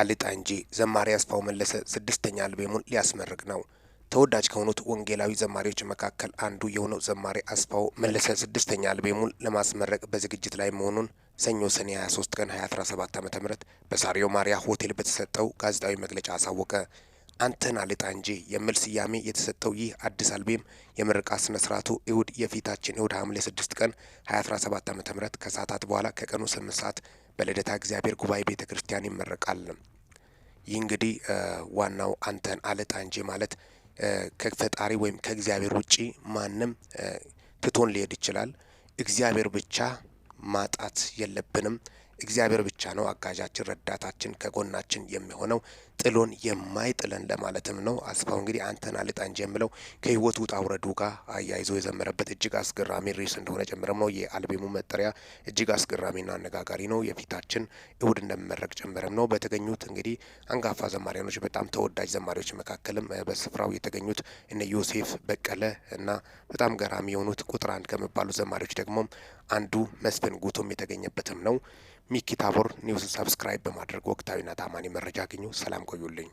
አልጣ እንጂ ዘማሪ አስፋው መለሰ ስድስተኛ አልበሙን ሊያስመርቅ ነው። ተወዳጅ ከሆኑት ወንጌላዊ ዘማሪዎች መካከል አንዱ የሆነው ዘማሪ አስፋው መለሰ ስድስተኛ አልበሙን ለማስመረቅ በዝግጅት ላይ መሆኑን ሰኞ ሰኔ 23 ቀን 2017 ዓ.ም በሳሪዮ ማሪያ ሆቴል በተሰጠው ጋዜጣዊ መግለጫ አሳወቀ። አንተን አልጣ እንጂ የሚል ስያሜ የተሰጠው ይህ አዲስ አልቤም የምርቃት ስነ ስርዓቱ እሁድ የፊታችን እሁድ ሐምሌ 6 ቀን 2017 ም ከሰዓታት በኋላ ከቀኑ 8 ሰዓት በልደታ እግዚአብሔር ጉባኤ ቤተ ክርስቲያን ይመረቃል። ይህ እንግዲህ ዋናው አንተን አለጣ እንጂ ማለት ከፈጣሪ ወይም ከእግዚአብሔር ውጪ ማንም ትቶን ሊሄድ ይችላል። እግዚአብሔር ብቻ ማጣት የለብንም። እግዚአብሔር ብቻ ነው አጋዣችን፣ ረዳታችን፣ ከጎናችን የሚሆነው ጥሎን የማይጥለን ለማለትም ነው። አስፋው እንግዲህ አንተን አልጣ ጀምለው ከህይወት ውጣ ውረዱ ጋር አያይዞ የዘመረበት እጅግ አስገራሚ ሪስ እንደሆነ ጨምረም ነው። የአልቤሙ መጠሪያ እጅግ አስገራሚና አነጋጋሪ ነው። የፊታችን እሁድ እንደሚመረቅ ጨምረም ነው። በተገኙት እንግዲህ አንጋፋ ዘማሪያኖች፣ በጣም ተወዳጅ ዘማሪዎች መካከልም በስፍራው የተገኙት እነ ዮሴፍ በቀለ እና በጣም ገራሚ የሆኑት ቁጥር አንድ ከሚባሉ ዘማሪዎች ደግሞ አንዱ መስፍን ጉቶም የተገኘበትም ነው። ሚኪ ታቦር ሰብስክራይብ በማድረግ ወቅታዊና ታማኒ መረጃ አግኙ። ሰላም ቆዩልኝ።